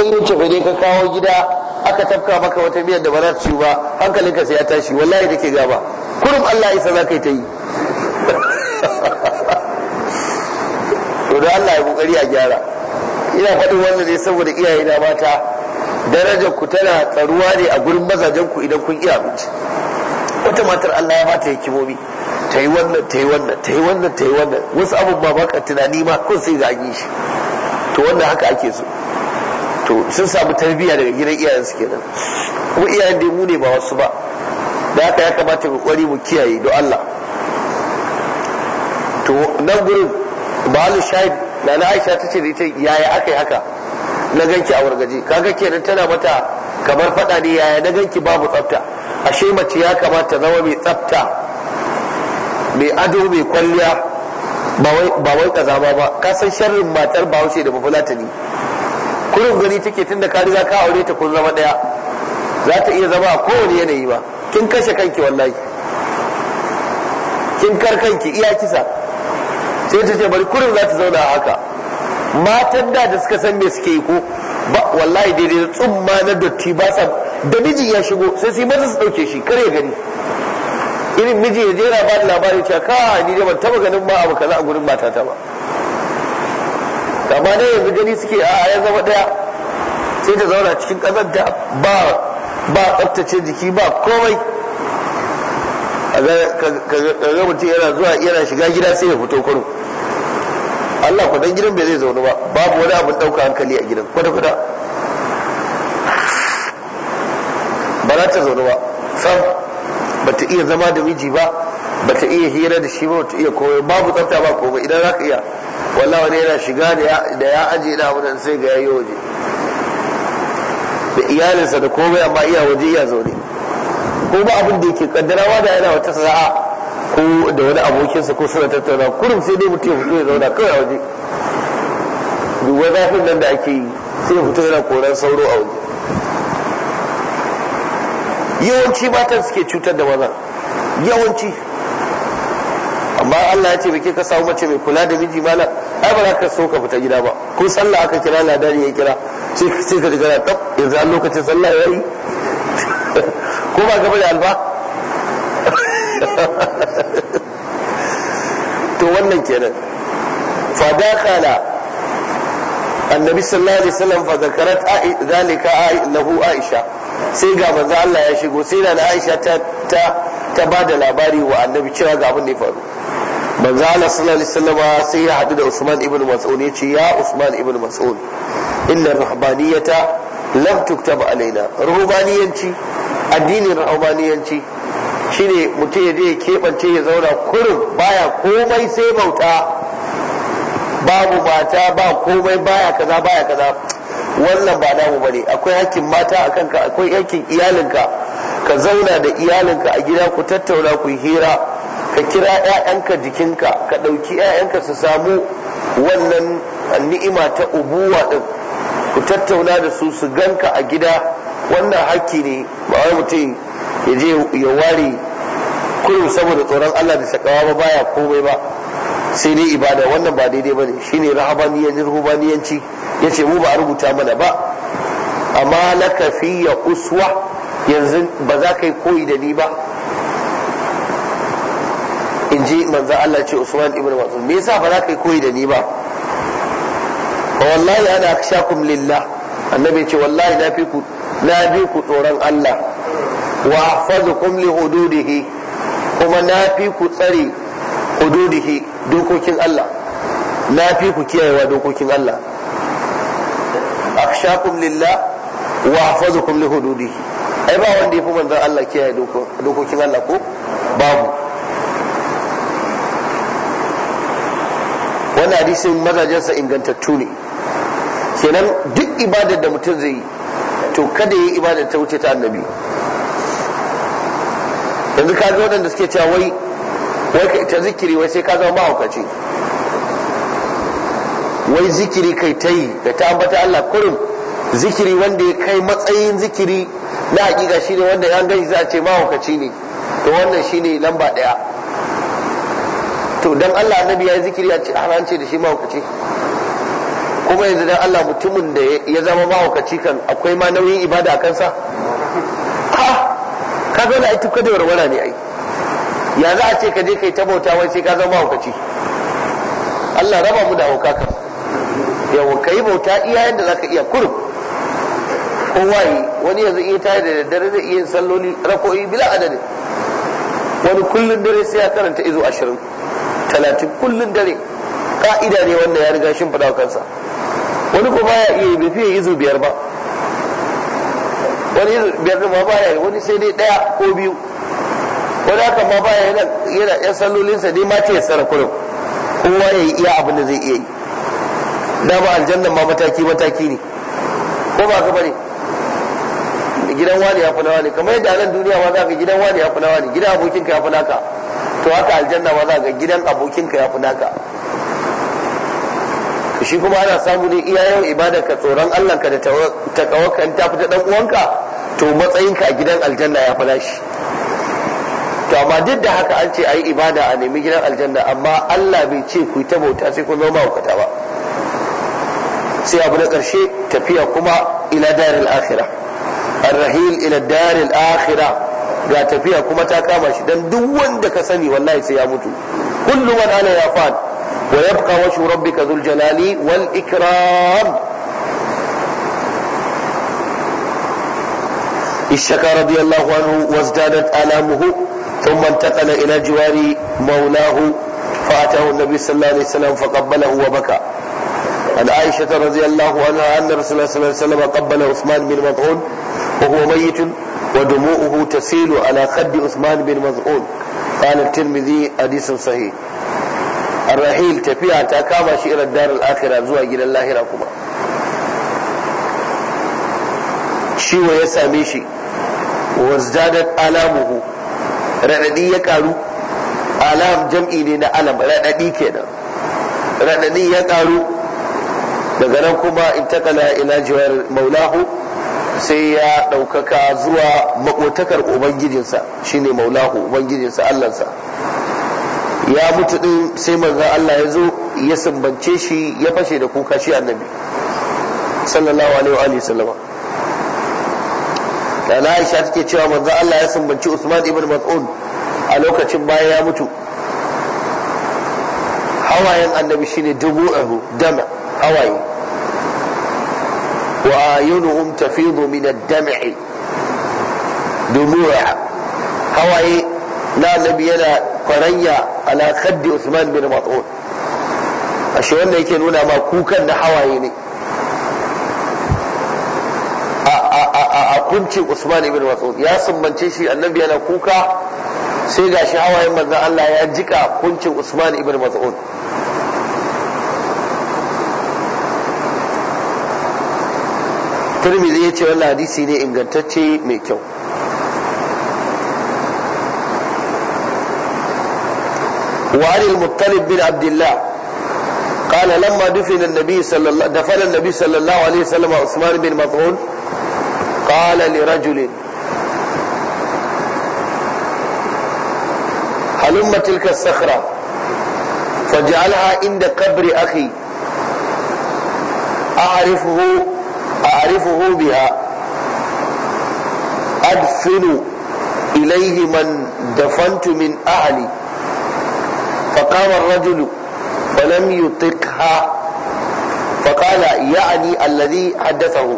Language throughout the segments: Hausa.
saurin cefa ne ka kawo gida aka tafka maka wata miyar da ba za ta ciwo ba hankalinka sai ya tashi wallahi da ke gaba kurum Allah isa za ka yi ta yi to da Allah ya kokari a gyara ina faɗin wannan ne saboda iyaye na mata darajar ku tana tsaruwa ne a gurin mazajen ku idan kun iya abinci wata matar Allah ya bata hikimomi ta yi wannan ta yi wannan ta yi wannan ta yi wannan wasu abubuwa ba ka tunani ma kun sai zagi an yi shi to wannan haka ake so to sun samu tarbiyya daga gidan iyayensu kenan kuma iyayen da mu ne ba wasu ba da haka ya kamata mu kwari mu kiyaye don Allah to nan gurin balu shahid na na Aisha ta ce da ita yaya aka yi haka na ganki a wargaje kaga kenan tana mata kamar faɗa ne yaya na ganki babu tsafta ashe mace ya kamata zama mai tsafta mai ado mai kwalliya ba wai kaza ba ka san sharrin matar bahaushe da mafulatani gani take tunda ka riga ka aure ta kun zama daya za ta iya zama a kowane yanayi ba kin kashe kanki wallahi kin kar kanki iya kisa sai ta ce bari kurin za ta zauna haka matan da da suka san me suke yi ko ba wallahi daidai da tsumma na dotti ba sa da miji ya shigo sai sai maza su dauke shi kare gani irin miji ya jera ba labarin cewa ka ni da ban taba ganin ma abu kaza a gurin matata ba amma dai yanzu gani suke a ya zama daya sai ta zauna cikin ƙasar da ba ba tsabtace jiki ba komai ga mutum yana zuwa yana shiga gida sai ya fito kwano Allah ku dan gidan bai zai zaune ba babu wani abin ɗauka hankali a gidan kwata kwata ba za ta zaune ba sam ba ta iya zama da miji ba ba ta iya hira da shi ba ba ta iya komai babu tsafta ba komai idan za ka iya wallahi wani yana shiga da ya aje na abin sai ga yayi waje da iyalinsa da komai amma iya waje iya zaune ko ba abin da yake kaddarawa da yana wata sa'a ko da wani abokinsa ko suna tattauna kurum sai dai mutum ya fito ya zauna kawai a waje duwa zafin nan da ake yi sai ya fito yana koran sauro a waje yawanci matan suke cutar da maza yawanci amma Allah ya ce bai ka samu mace mai kula da miji mala ai ba za ka so ka fita gida ba ko sallah aka kira ladani ya kira sai ka ji ta yanzu an lokacin sallah ya yi ko ba gaba da alba to wannan kenan fa kala annabi sallallahu alaihi wasallam fa zakarat zalika lahu aisha sai ga manzo Allah ya shigo sai da Aisha ta ta ta bada labari wa annabi cewa ga abin da ya faru manzo Allah sallallahu alaihi wasallam sai ya hadu da Usman ibn Mas'ud yace ya Usman ibn Mas'ud inna ruhbaniyata lam tuktab alaina ruhbaniyanci addinin ruhbaniyanci shine mutum ya je ya keɓance ya zauna kurin baya komai sai bauta babu mata ba komai baya kaza baya kaza wannan ba namu bane akwai hakkin mata akan ka akwai hakkin iyalinka ka zauna da iyalinka a gida ku tattauna ku hira ka kira 'ya'yanka jikinka ka ɗauki 'ya'yanka su samu wannan ni'ima ta ubuwa ɗin ku tattauna da su su ganka a gida wannan haƙƙi ne ba wai mutum ya je ya ware kurum saboda tsoron Allah da shakawa ba baya komai ba sai dai ibada wannan ba daidai ba ne Shi shine rahabaniyanci rubaniyanci ya ce mu ba a rubuta mana ba amma laka ya uswa yanzu ba za ka yi koyi da ni ba in ji manzan Allah ce Usman ibn Mas'ud me yasa ba za ka yi koyi da ni ba fa wallahi ana akshakum lillah annabi ce wallahi na fi ku na bi ku tsoron Allah wa ahfazukum li hududihi kuma na fi ku tsare hududihi dokokin Allah na fi ku kiyayewa dokokin Allah akshakum lillah wa ahfazukum li hududihi ai ba wanda ya fi manzan Allah kiyaye dokokin Allah ko babu wannan hadisin mazajensa ingantattu ne kenan duk ibadar da mutum zai yi to kada yi ibadar ta wuce ta annabi yanzu ka zo waɗanda suke cewa wai wai ta zikiri wai sai ka zama mahaukaci wai zikiri kai ta yi da ta ambata Allah kurum zikiri wanda ya kai matsayin zikiri na hakika shine wanda ya gani za a ce mahaukaci ne to wannan shine lamba ɗaya to dan Allah annabi ya yi zikiri a ce an ce da shi mahaukaci kuma yanzu dan Allah mutumin da ya zama mahaukaci kan akwai ma nauyin ibada a kansa ka zo da ai tufka da warwara ne ai ya za a ce ka je kai ta bauta wai sai ka zama mahaukaci Allah raba mu da hauka ka. yawa ka yi bauta iya yadda za ka iya kurum kowa yi wani yanzu iya tayar da daddare da iya salloli rako'i bila adadin wani kullum dare sai ya karanta izo ashirin talatin kullum dare ka'ida ne wanda ya riga shin fada kansa wani kuma ya iya bai fiye izu biyar ba wani izu biyar ma baya wani sai dai daya ko biyu wani haka ma baya yana yana yan sallolinsa dai ma ta yassara kullum kowa ya yi iya abin da zai iya yi dama aljannan ma mataki mataki ne ko ba ka bane gidan wani ya fi na wani kamar yadda nan duniya ma za ka gidan wani ya fi na wani gidan abokinka ya fi naka to haka aljanna maza za ga gidan abokinka ya fi naka shi kuma ana samu ne iya yau ibada ka tsoron Allah ka da takawarka in ta fita dan uwanka to matsayinka a gidan aljanna ya fada shi to amma duk da haka an ce a yi ibada a nemi gidan aljanna amma Allah bai ce ku ta bauta sai ku zama hukata ba sai abu na karshe tafiya kuma ila daril akhirah الرحيل ila الدار الآخرة ga tafiya kuma ta kama shi dan duk wanda ka sani wallahi sai ya mutu kullu man ala ya fan wa yabqa wajhu rabbika dhul jalali wal ikram اشتكى رضي الله عنه وازدادت آلامه ثم انتقل إلى جوار مولاه فأتاه النبي صلى الله عليه وسلم فقبله وبكى عن عائشة رضي الله عنها أن رسول الله صلى الله عليه وسلم قبل عثمان بن مطعون وهو ميت ودموعه تسيل على خد عثمان بن مزعون قال الترمذي حديث صحيح الرحيل تفيع تاكاما شئر الدار الآخرة زوا إلى الله ركما شيوى يساميشي وازدادت آلامه رأني يكارو آلام جمعي لنا ألم رأني كنا رأني يكارو daga nan kuma intakala ila jiwar maulahu sai ya ɗaukaka zuwa makotakar ubangijinsa shine maulahu ubangijinsa allansa ya mutu ɗin sai manzon allah ya zo ya sumbance shi ya fashe da kuka shi annabi sallallahu alaihi wa alihi sallama da na aisha take cewa manzon allah ya sumbance usman ibn mas'ud a lokacin bayan ya mutu hawayen annabi shine dubu ahu dama hawaye وآينهم تفيض من الدمع دموع هواي لا نبي لنا فريا على خد عثمان بن مطعون ashe wanda yake nuna ma kukan na hawaye ne a kuncin usman ibn mas'ud ya sumbance shi annabi yana kuka sai gashi hawayen manzon Allah ya jika kuncin usman ibn mas'ud turmizi ya ce wannan hadisi ne ingantacce mai kyau وعن المطلب بن عبد الله قال لما دفن النبي صلى الله دفن النبي صلى الله عليه وسلم عثمان بن مطعون قال لرجل هلم تلك الصخرة فاجعلها عند قبر أخي أعرفه أعرفه بها أدفن إليه من دفنت من أهلي فقام الرجل ولم يطقها فقال يعني الذي حدثه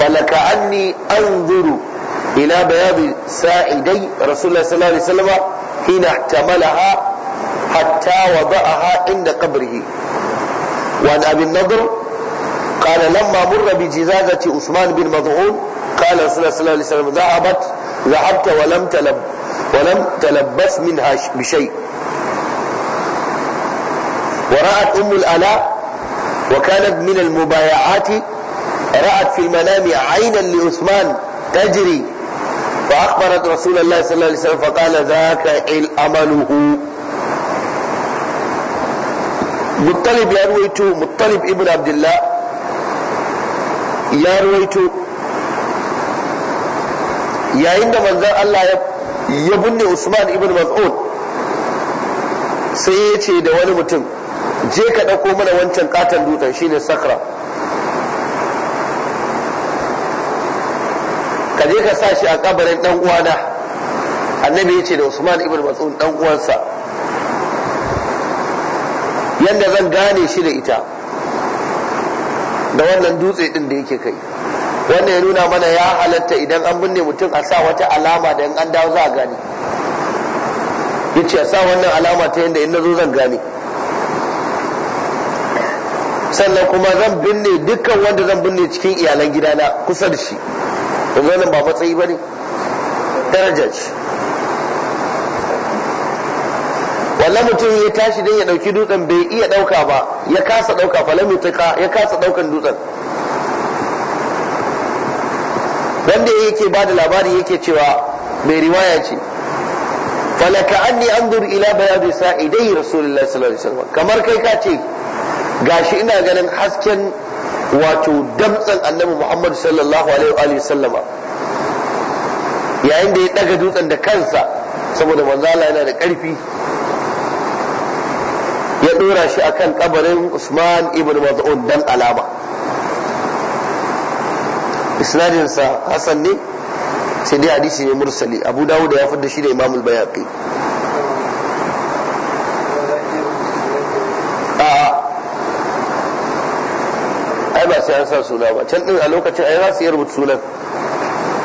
فلكأني أنظر إلى بياض ساعدي رسول الله صلى الله عليه وسلم حين احتملها حتى وضعها عند قبره وعن أبي النضر قال لما مر بجزازة عثمان بن مضعون قال رسول الله صلى الله عليه وسلم ذهبت ذهبت ولم تلب ولم تلبس منها بشيء ورأت أم الألاء وكانت من المبايعات رأت في المنام عينا لعثمان تجري فأخبرت رسول الله صلى الله عليه وسلم فقال ذاك أمله مطلب يرويته مطلب ابن عبد الله ya ruwaito yayin da manzan Allah ya binne Usman ibn Mas'ud sai ya ce da wani mutum je ka ɗauko mana wancan katon dutsen shine sakra ka je ka sa shi a kabarin dan uwana annabi ya ce da Usman ibn Mas'ud dan uwansa yadda zan gane shi da ita da wannan dutse din da yake kai wannan ya nuna mana ya halatta idan an binne mutum a sa wata alama da in an dawo za a gane ce a sa wannan alama ta yadda in na zo zan gane sannan kuma zan binne dukkan wanda zan binne cikin iyalan gidana kusa da shi wannan ba matsayi ba ne daraja ce sannan mutum ya tashi don ya ɗauki dutsen bai iya ɗauka ba ya kasa ɗauka falamituka ya kasa ɗaukan dutsen wanda yake ba da labari yake cewa mai riwaya ce falaka anni anzur ila bayadi sa'idai rasulullahi sallallahu alaihi wasallam kamar kai ka ce gashi ina ganin hasken wato damtsan annabi muhammad sallallahu alaihi yayin da ya daga dutsen da kansa saboda manzo Allah yana da karfi ya dora shi akan kabarin Usman ibn Maz'un dan alama sa hasan ne sai dai hadisi ne mursali abu dawud ya fadda shi da imam al-bayaqi ai ba sai an sa suna ba can din a lokacin ai za su yi rubuta sunan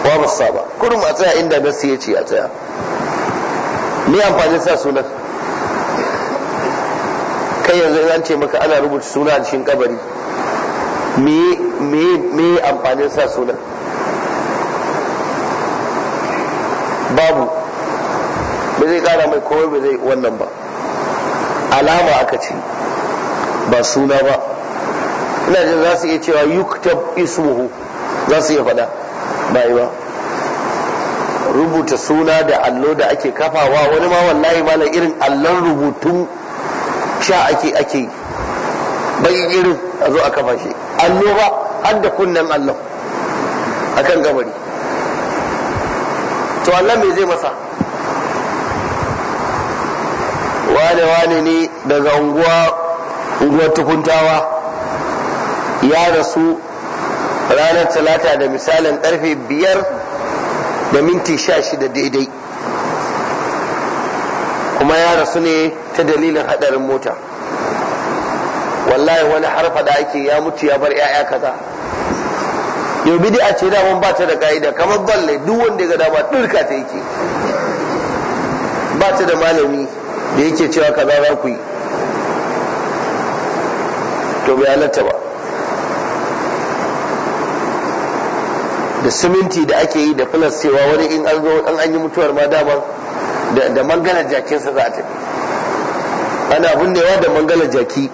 wa ba sa ba kurum a tsaya inda nasi ya ce a tsaya ni amfani sa sunan kai yanzu an ce maka ana rubuta suna a cikin kabari me amfanin sa suna babu ba zai kara mai kowai ba zai wannan ba alama aka ce ba suna ba ina jin za su iya cewa yuktab ismuhu za su iya faɗa ba ba rubuta suna da allo da ake kafawa wani ma wallahi malam irin allon rubutun sha ake ake bai irin a zo a kafa shi allo ba har da kunnen allon a kan gabari to allon me zai masa wane wane ne daga unguwa unguwar tukuntawa ya rasu ranar talata da misalin karfe biyar da minti sha shida daidai kuma ya rasu ne ta dalilin hadarin mota wallahi wani harfa da ake ya mutu ya bar 'ya'ya kaza yau a ce daman ba ta da ka'ida kamar balle duk wanda ya ga dama dirka ta yake ba ta da malami da yake cewa kaza za ku yi to bai halatta ba da siminti da ake yi da filas cewa wani in an an yi mutuwar ma daman da mangalar jakinsa za a tafi ana abin da mangalar jaki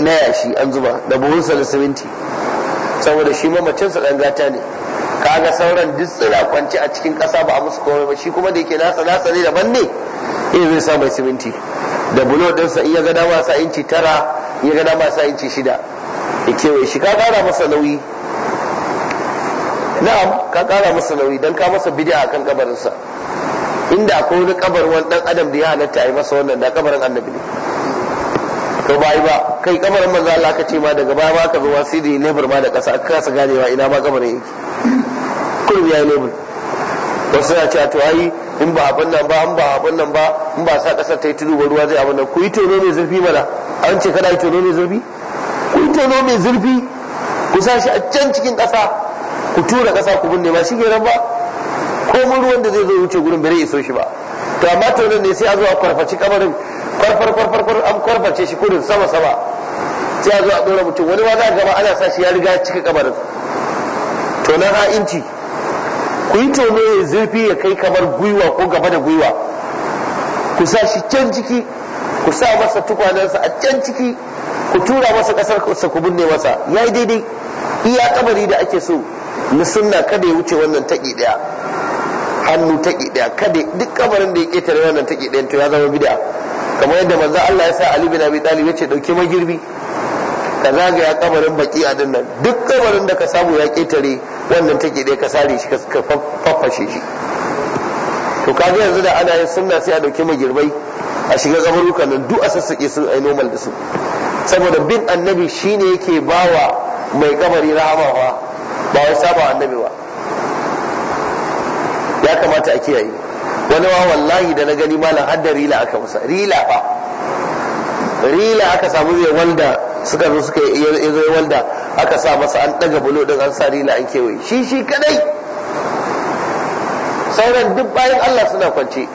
na yashi an zuba da buhunsa da siminti saboda shi mamacinsa ɗan gata ne kaga sauran duk suna a cikin ƙasa ba a musu komai ba shi kuma da yake nasa nasa ne daban ne in zai sa mai siminti da bulo ɗinsa iya gada ga dama inci tara iya gada masa inci shida ya kewaye shi ka ƙara masa nauyi na'am ka ƙara masa nauyi don ka masa bid'a akan kabarinsa inda akwai wani kabarin dan adam da ya halatta a yi masa wannan da kabarin annabi ne to ba yi ba kai kabarin manzo Allah ka ce ma daga baya ba ka zo wasi da lebur ma da kasa aka kasa ganewa ina ma kabarin yake kurbi ya lebur wasu na ce to ai in ba abin nan ba in ba abin nan ba in ba sa kasar ta yi tudu ruwa zai abin nan ku yi tono mai zurfi mana an ce kada yi tono mai zurfi ku yi tono mai zurfi ku sa shi a can cikin kasa ku tura kasa ku binne ma shi kenan ba komin ruwan da zai zo wuce gurin bare iso shi ba to amma to nan ne sai a zo a kwarfaci kamarin kwarfar kwarfar an kwarface shi kurin sama sama sai a zo a dora mutum wani ma za a gaba ana sa shi ya riga cika kamarin to nan ha inci ku yi ya zurfi ya kai kamar gwiwa ko gaba da gwiwa ku sa shi can ciki ku sa masa tukwanensa a can ciki ku tura masa kasar sa ku binne masa ya yi daidai iya kamari da ake so na sunna kada ya wuce wannan taƙi ɗaya hannu ta ɗaya kada duk kabarin da ya ƙetare wannan ta ɗayan to ya zama bid'a kamar yadda manzo Allah ya sa Ali bin Abi Talib ya ce dauke magirbi ka zagaya kabarin baki a dinnan duk kabarin da ka samu ya ƙetare wannan ta ɗaya ka sare shi ka faffashe shi to kaga yanzu da ana yin sunna sai a dauke magirbai a shiga kabarukan nan duk a sassake su ai normal da su saboda bin annabi shine yake bawa mai kabari rahama ba ba wai saba annabi ba kamata a kiyaye wani wa wallahi da na gani malam har da rila aka masa rila fa rila aka samu mai wanda suka zo suka yi walda wanda aka sa masa an daga bulo din an sa rila an kewaye shi shi kadai sauran duk bayan Allah suna kwance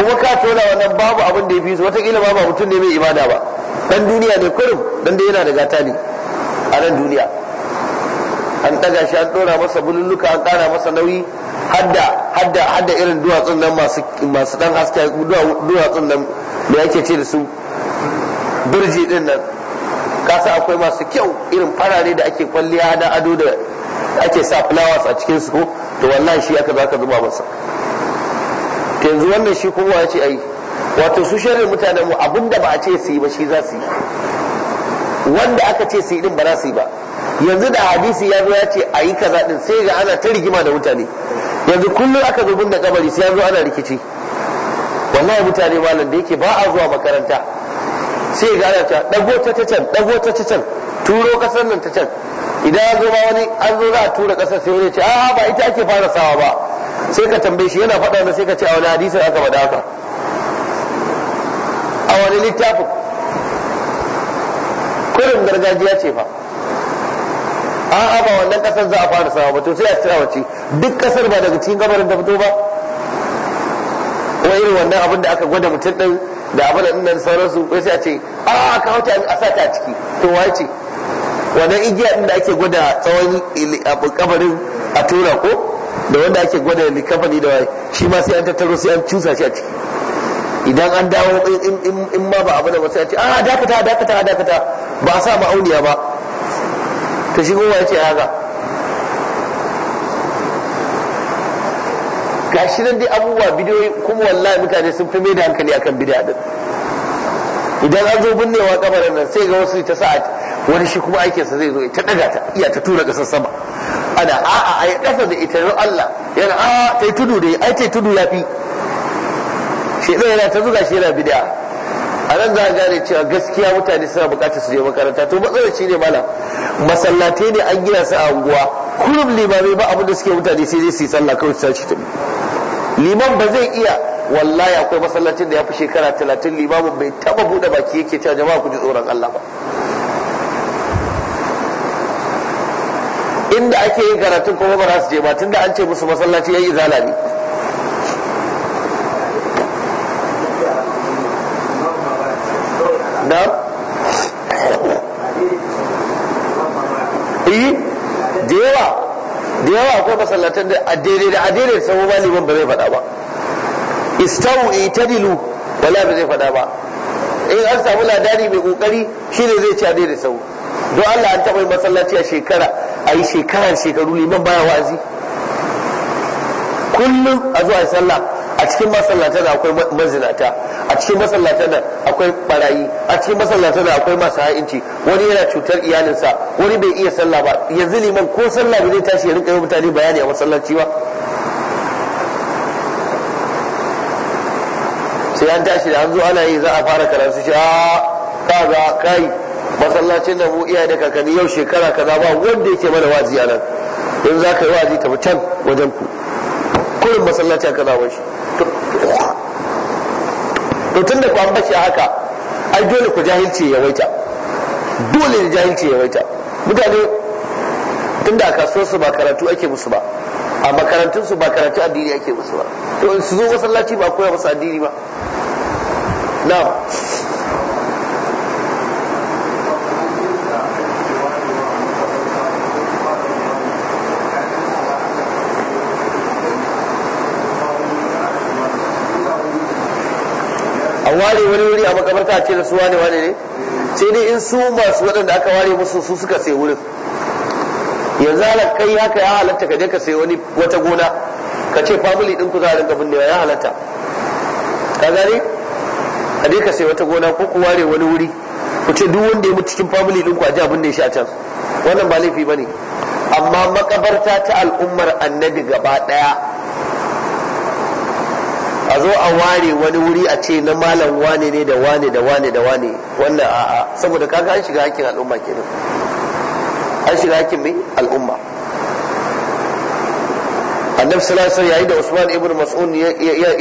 kuma ka tona wannan babu abin da ya fi su wataƙila ba mutum ne mai ibada ba dan duniya ne kurum dan da yana da gata ne a nan duniya an daga shi an dora masa bululluka an kara masa nauyi hadda hadda hadda irin duwatsun nan masu masu dan haske duwatsun nan da yake ce da su birji din nan kasa akwai masu kyau irin farare da ake kwalliya da ado da ake sa flowers a cikin su to wallahi shi aka zaka zuba masa yanzu wannan shi kuma ya ce ai wato su sharri mutanen mu abinda ba a ce su yi ba shi za su yi wanda aka ce su yi din ba za su yi ba yanzu da hadisi ya zo ya ce a yi kaza din sai ga ana ta rigima da mutane yanzu kullum aka zo binne kabari sai ya ana rikici wallahi mutane malam da yake ba a zuwa makaranta sai ga ana ta dago ta ta can dago ta ta can turo kasar nan ta can idan ya zo ba wani an zo za a tura kasar sai wani ce a ba ita ake fara sawa ba sai ka tambaye shi yana faɗa na sai ka ce a wani hadisin aka bada haka a wani littafin kurin gargajiya ce fa a'a ba wannan kasar za a fara sawa ba to sai a cira wace duk kasar ba daga cikin gabarin da fito ba kuma irin wannan abin da aka gwada mutum din da abin da nan sauransu wai sai a ce a ka hauta a sa ta ciki to waye ce wannan igiya din da ake gwada tsawon kabarin a tura ko da wanda ake gwada likafani da waye shi ma sai an tattaro sai an cusa shi a ciki idan an dawo in ma ba abu da ba sai a ce a dakata dakata dakata ba a sa ma'auniya ba ta shi kuma ce haka shi nan dai abubuwa bidiyoyi kuma wallahi mutane sun fi mai da hankali akan bidiya din idan an zo binnewa kamarin nan sai ga wasu ta sa wani shi kuma aikinsa zai zo ta daga ta iya ta tura kasar sama ana a'a ai kasa da ita Allah yana a tai tudu dai ai tai tudu yafi shi yana ta zuga shi yana bid'a a nan za a gane cewa gaskiya mutane suna bukatar su je makaranta to matsalaci ne mala masallatai ne an gina su a unguwa kullum Limami ba abin da suke mutane sai zai su yi sallah kawai su tashi tuni. liman ba zai iya wallahi akwai masallacin da ya fi shekara talatin limamin bai taba bude baki yake cewa jama'a ku ji tsoron Allah ba inda ake yin karatun kuma ba za su je ba tunda an ce musu masallaci ya yi zalami da yawa akwai masallatan da a da addini daidai sabo maliman ba zai faɗa ba istawu itadilu wala ba zai faɗa ba in eh, an samu ladari mai kokari ne zai ci a da sabo don Allah an taɓa masallaci a shekara a yi shekarar shekaru liman baya wa'azi kullum a zuwa sallah a cikin masallatan akwai mazinata a cikin masallatan akwai barayi a cikin masallatan akwai masu ha'inci wani yana cutar iyalinsa wani bai iya sallah ba yanzu liman ko sallah bai zai tashi ya rinka yi mutane bayani a masallaci ba sai an tashi da an zo ana yi za a fara karatu shi a ah, kaga kai masallacin da mu iyaye da kakanni yau shekara kaza ba wanda yake mana wazi a nan in za ka yi wazi tafi can wajen ku kurin masallaci a kaza shi to da ku an bace haka ai dole ku jahilci ya waita dole ne jahilci ya waita mutane da aka so su ba karatu ake musu ba a makarantun su ba karatu addini ake musu ba to in su zo masallaci ba koya musu addini ba na'am ware wani wuri a makabarta a ce da su wane wane ne sai dai in su masu waɗanda aka ware musu su suka sai wurin yanzu halar kai haka ya halatta ka je ka sai wani wata gona ka ce family ɗin ku za a rinka binnewa ya halatta ka gane a je ka sai wata gona ko ku ware wani wuri ku ce duk wanda ya mutu cikin family ɗin ku a ji ne shi a can wannan ba laifi ba ne amma makabarta ta al'ummar annabi gaba ɗaya a zo a ware wani wuri a ce na malam wane ne da wane da wane da wane wannan a'a saboda kaga an shiga hakkin al'umma kenan an shiga hakkin mai al'umma annabi sallallahu alaihi yayin da Usman ibn Mas'ud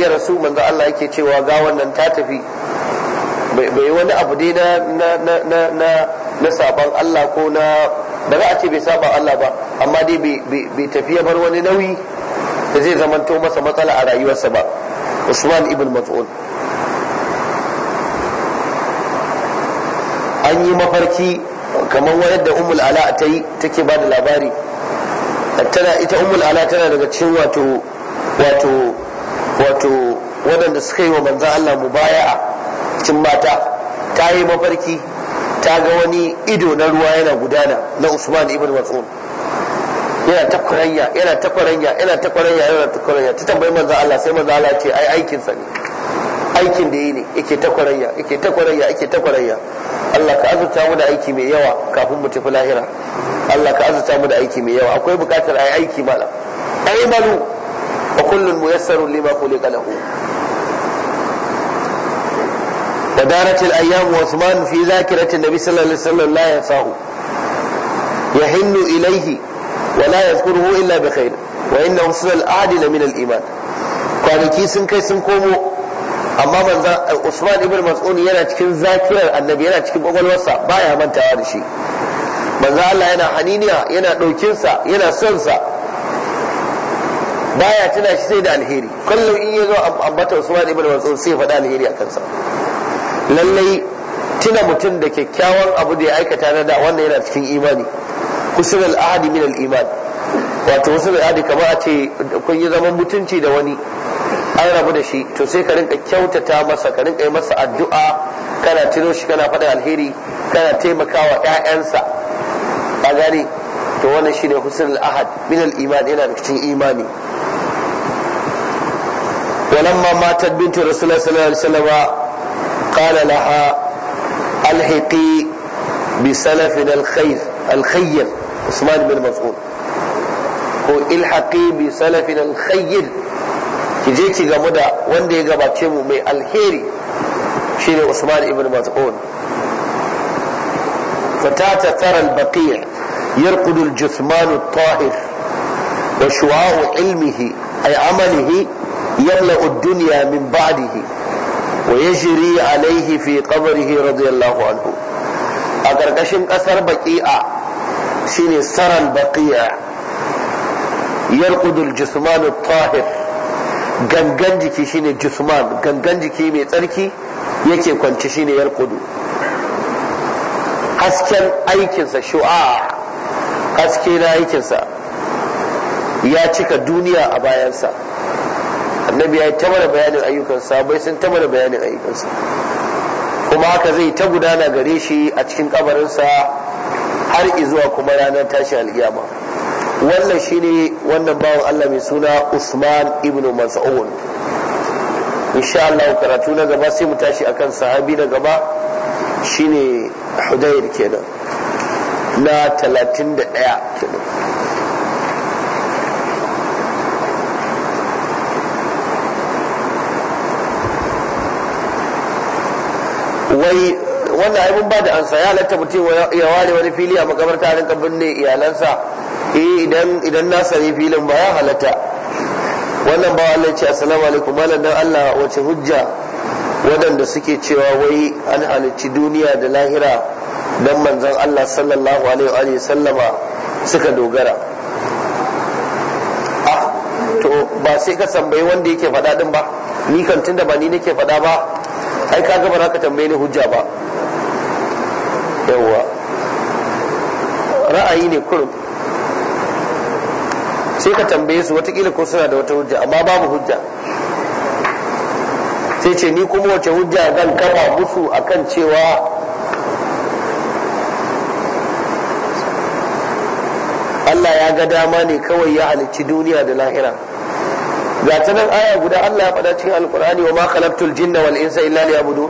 ya rasu manzo Allah yake cewa ga wannan ta tafi bai wani abu dai na na na na saban Allah ko na ba za a ce bai saba Allah ba amma dai bai tafi ya bar wani nauyi da zai zamanto masa matsala a rayuwarsa ba usman ibn maf'ul an yi mafarki kamar wayar da umul ala ta yi take ba da labari tana ita umul ala tana daga cikin wato wato wato waɗanda suka yi wa manzan Allah a cikin mata ta yi mafarki ta ga wani ido na ruwa yana gudana na Usman ibn Mas'ud yana ta kwaranya yana ta kwaranya yana ta kwaranya yana ta kwaranya ta tambayi manzo Allah sai manzo Allah ce ai aikin sa ne aikin da yi ne yake ta kwaranya yake ta kwaranya yake ta kwaranya Allah ka azurta mu da aiki mai yawa kafin mu tafi lahira Allah ka azurta mu da aiki mai yawa akwai bukatar ai aiki mala ai malu wa kullun muyassarun lima khuliqa lahu ودارت الأيام وعثمان في ذاكرة النبي صلى الله عليه وسلم لا ينساه يحن إليه wala yadhkuruhu illa bi khair wa inna husnal adila min al iman kwanaki sun kai sun komo amma manzan Usman ibn Mas'ud yana cikin zakiyar annabi yana cikin kwakwalwarsa baya mantawa da shi manzan Allah yana haniniya yana sa, yana son sa baya tana shi sai da alheri kullum in ya zo ambata Usman ibn Mas'ud sai faɗa alheri a kansa lallai tuna mutum da kyakkyawan abu da ya aikata na da wannan yana cikin imani husn ahadi min al wato husn al kamar a ce kun yi zaman mutunci da wani an rabu da shi to sai ka rinka kyautata masa ka rinka yi masa addu'a kana tuno shi kana faɗa alheri kana taimakawa ƴaƴansa a gane to wannan shine husnul ahad min al yana da cikin imani ولما ماتت بنت رسول الله صلى الله عليه وسلم قال لها الحقي بسلفنا الخير الخير عثمان بن مفعول هو الحقي بسلفنا الخير كجيتي غمدا وندي غبا تيمو مي الخيري شيني عثمان بن مفعول فتات ترى البقيع يرقد الجثمان الطاهر وشعاع علمه أي عمله يملأ الدنيا من بعده ويجري عليه في قبره رضي الله عنه أقرقشن أثر بقيئة shine saran baqiya yarqudu al tahir gangan jiki shine jisman gangan jiki mai tsarki yake kwance shine yarqudu hasken aikinsa shu'a haske na aikinsa ya cika duniya a bayansa annabi ya yi ta bayanin ayyukansa bai bayanin ayyukansa kuma haka zai ta gudana gare shi a cikin kabarinsa har izuwa kuma ranar tashi alkiyama wannan shine wannan bawan Allah mai suna Usman ibn Mas'ud insha Allah karatu na gaba sai mu tashi akan sahabi na gaba shine Hudayr kenan na 31 kenan wai wannan ai mun ba da ansa ya halatta mutum ya ware wani fili a makabarta rinka binne iyalansa eh idan idan na sani filin ba ya halatta wannan ba Allah ce assalamu alaikum malam dan Allah wace hujja waɗanda suke cewa wai an halicci duniya da lahira dan manzon Allah sallallahu alaihi wa sallama suka dogara ah to ba sai ka tambayi wanda yake faɗa din ba ni kan tunda ba ni nake faɗa ba ai kaga ba za ka tambaye ni hujja ba yawwa ra'ayi ne kurum sai ka tambaye su watakila ko suna da wata hujja amma babu hujja sai ce ni kuma wace hujja zan kafa musu akan cewa Allah ya ga dama ne kawai ya halicci duniya da lahira ga ta nan aya guda Allah ya faɗa cikin alkur'ani wa ma khalaqtul jinna wal insa illa liya'budun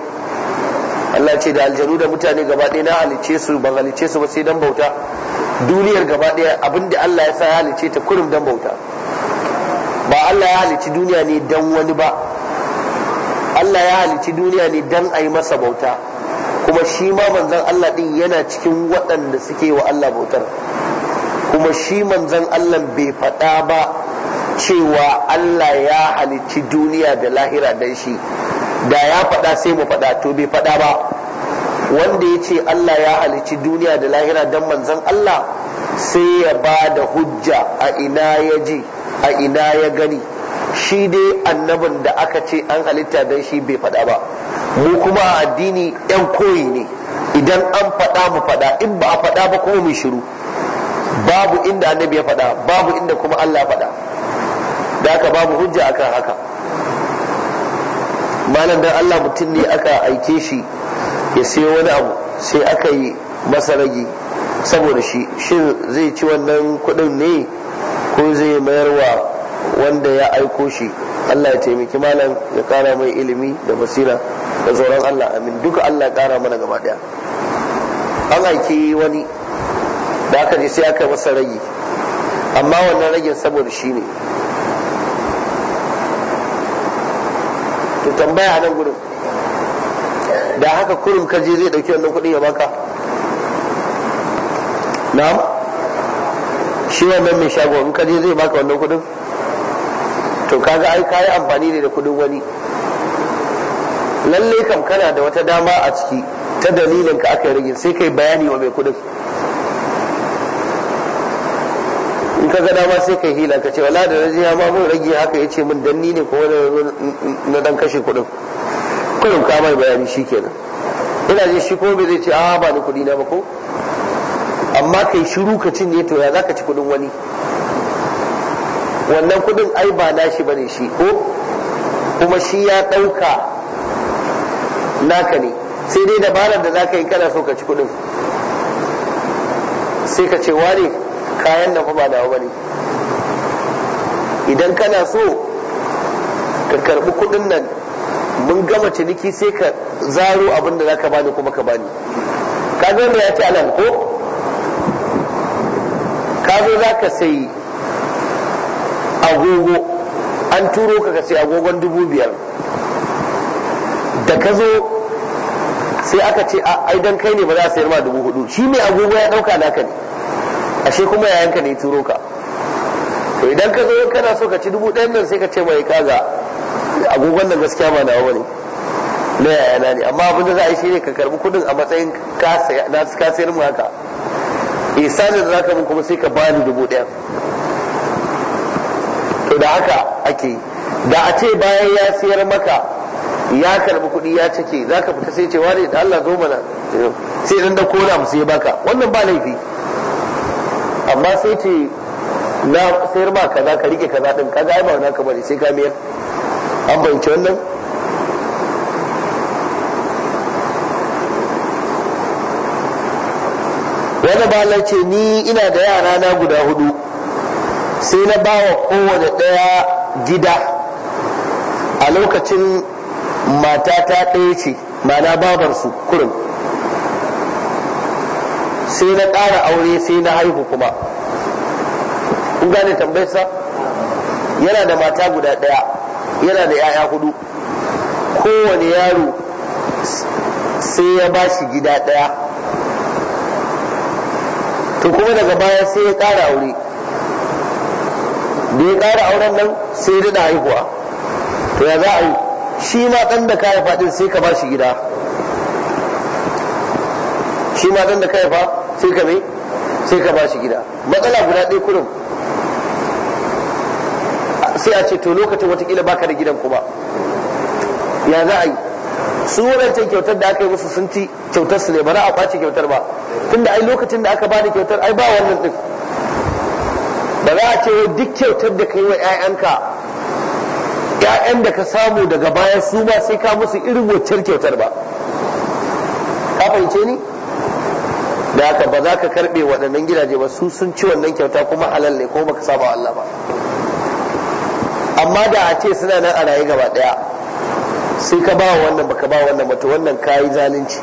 Allah ce da aljanu da mutane gaba ɗaya na halice su ban halice su ba sai dan bauta duniyar gaba ɗaya abinda Allah ya sa ya halice ta kurum dan bauta ba Allah ya halici duniya ne dan wani ba Allah ya halici duniya ne dan a yi masa bauta kuma shi ma manzon Allah ɗin yana cikin waɗanda suke wa Allah bautar kuma shi manzon Allah bai faɗa ba cewa Allah ya halici duniya da lahira dan shi da ya faɗa sai mu faɗa to bai faɗa ba wanda ya ce Allah ya halici duniya da lahira don manzan Allah sai ya ba da hujja a ina ya ji a ina ya gani shi dai annabin da aka ce an halitta don shi bai faɗa ba mu kuma a addini 'yan koyi ne idan an faɗa mu faɗa in ba a faɗa ba kuma mu shiru babu inda annabi ya faɗa babu inda kuma Allah faɗa da aka babu hujja akan haka malam dan Allah mutum ne aka aike shi ya sai wani abu sai aka yi masa ragi saboda shi shin zai ci wannan kuɗin ne ko zai mayar wa wanda ya aiko shi Allah ya taimaki malam ya kara mai ilimi da basira da tsoron Allah amin duka Allah ya kara mana gaba daya an aiki wani da aka je sai aka masa ragi amma wannan ragin saboda shi ne to tambaya nan gudun, da haka kurum ka je zai dauki wannan kudin ya baka na'am shi wannan mai shago in ka je zai baka wannan kuɗin to kaga ai kayi amfani ne da kuɗin wani lalle kam kana da wata dama a ciki ta dalilin ka aka yi rigin sai kai bayani wa mai kuɗin ka ga dama sai kai hila ka ce wala da raji ya ma mun rage haka ya ce min danni ne ko na dan kashe kuɗin kullum ka mai bayani shi shikenan ina ji shi ko bai zai ce a ba ni kuɗi na ba ko amma kai shiru ka cinye to ya zaka ci kuɗin wani wannan kuɗin ai ba nashi bane shi ko kuma shi ya ɗauka naka ne sai dai dabarar da zaka yi kana so ka ci kuɗin sai ka ce wane kayan nan fa ba nawa bane idan kana so ka karbi kudin nan mun gama ciniki sai ka zaro abin da zaka bani kuma ka bani ka ga ya ce anan ko ka zo zaka sai agogo an turo ka ka sai agogon dubu biyar da ka zo sai aka ce a idan kai ne ba za a sayar ma dubu hudu shi mai agogo ya dauka naka ne ashe kuma yayanka ne turo ka to idan ka zo kana so ka ci dubu ɗayan nan sai ka ce mai kaga agogon nan gaskiya ba nawa bane na yayana ne amma abin da za a yi shine ka karbi kudin a matsayin ka sayar mu haka isanin eh, da zaka mun kuma sai ka bani dubu ɗayan to da haka ake da a ce bayan ya sayar maka ya karbi kuɗi ya cike ka fita sai ce ne da Allah zo mana sai dan da kona mu sai baka wannan ba laifi amma sai ce na sayar ma kaza ka rike kaza din kaga ai ba ka bari sai ka miyar an ce wannan wani na ce ni ina da yara na guda hudu sai na ba wa kowane ɗaya gida a lokacin matata ɗaya ce mana babarsu kurin sai na ƙara aure sai na haihu kuma kun gane tambayarsa yana da mata guda ɗaya yana da 'ya'ya hudu kowane yaro sai ya ba shi gida ɗaya to kuma daga baya sai ya ƙara aure da ya ƙara auren nan sai ya daɗa haihuwa to ya za a yi shi ma ɗan da kaya faɗin sai ka ba shi gida shi ma ɗan da kaya fa sai ka mai sai ka ba shi gida matsala guda ɗaya kurum sai a ce to lokacin watakila baka da gidan kuma ya za a yi su wadancan kyautar da aka yi musu sun ci kyautar su ne ba za a kwace kyautar ba tunda ai lokacin da aka ba da kyautar ai ba wannan din ba za a ce wai duk kyautar da ka yi wa 'ya'yanka 'ya'yan da ka samu daga baya su ba sai ka musu irin wacce kyautar ba ka fahimce ni da aka ba za ka karbe waɗannan gidaje ba su sun ci wannan kyauta kuma halal ne ko baka saba Allah ba amma da a ce suna nan a raye gaba ɗaya sai ka ba wannan baka ba wannan ba wannan kayi zalunci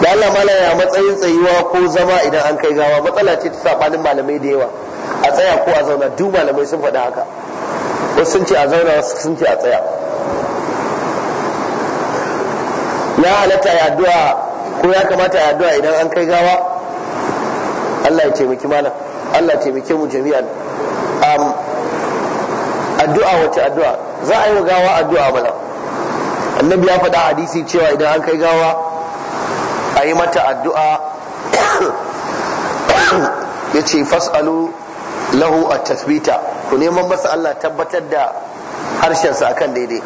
da Allah mala ya matsayin tsayuwa ko zama idan an kai gawa matsala ce ta sabanin malamai da yawa a tsaya ko a zauna duk malamai sun faɗi haka wasu sun ce a zauna wasu sun ce a tsaya ya halatta ya addu'a ko ya kamata ya addu'a idan an kai gawa Allah ya taimaki malam Allah ya taimake mu jami'an um, addu'a wace addu'a za a yi gawa addu'a mana annabi ya faɗa hadisi cewa idan an kai gawa a yi mata addu'a ya ce fas'alu lahu a tasbita ku neman masa Allah tabbatar da harshensa akan daidai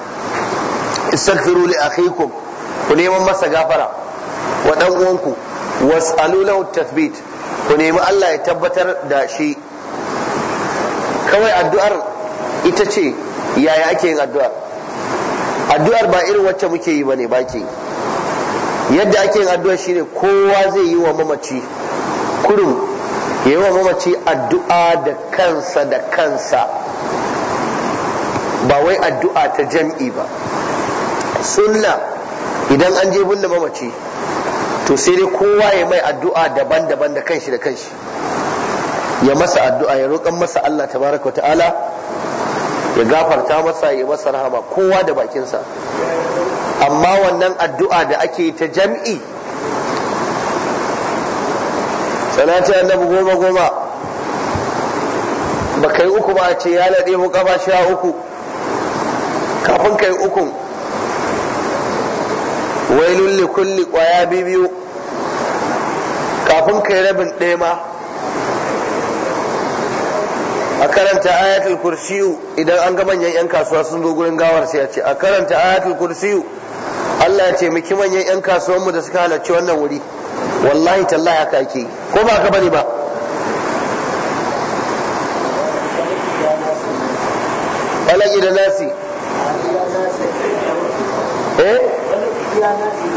istaghfiru li akhikum ku neman masa gafara wa dan uwanku was'alu lahu tathbit ku nemi Allah ya tabbatar da shi kawai addu'ar ita ce yaya ake yin addu'ar addu'ar ba irin wacce muke yi bane ke yadda ake yin addu'ar shine kowa zai yi wa mamaci kurum yayi wa mamaci addu'a da kansa da kansa ba wai addu'a ta jam'i ba sunna idan an je binne mamaci to sai dai kowa ya mai addu'a daban-daban da kanshi da kanshi ya masa addu'a ya roƙan masa Allah tabaraka ta'ala ya gafarta masa ya masa rahama kowa da bakinsa amma wannan addu'a da ake yi ta jam'i salati annabi goma goma ba kai uku ba a ce ya laɗe mu ƙafa sha uku kafin kai ukun wailun li kulli kwaya biyu kafin kai rabin ɗaya ma a karanta ayatul kursiyu idan an ga manyan 'yan kasuwa sun zo gurin gawar sai a ce a karanta ayatul kursiyu Allah ya ce miki manyan 'yan mu da suka halarci wannan wuri wallahi tallahi haka ake ko ba ka bane ba falaki da nasi eh 了呢？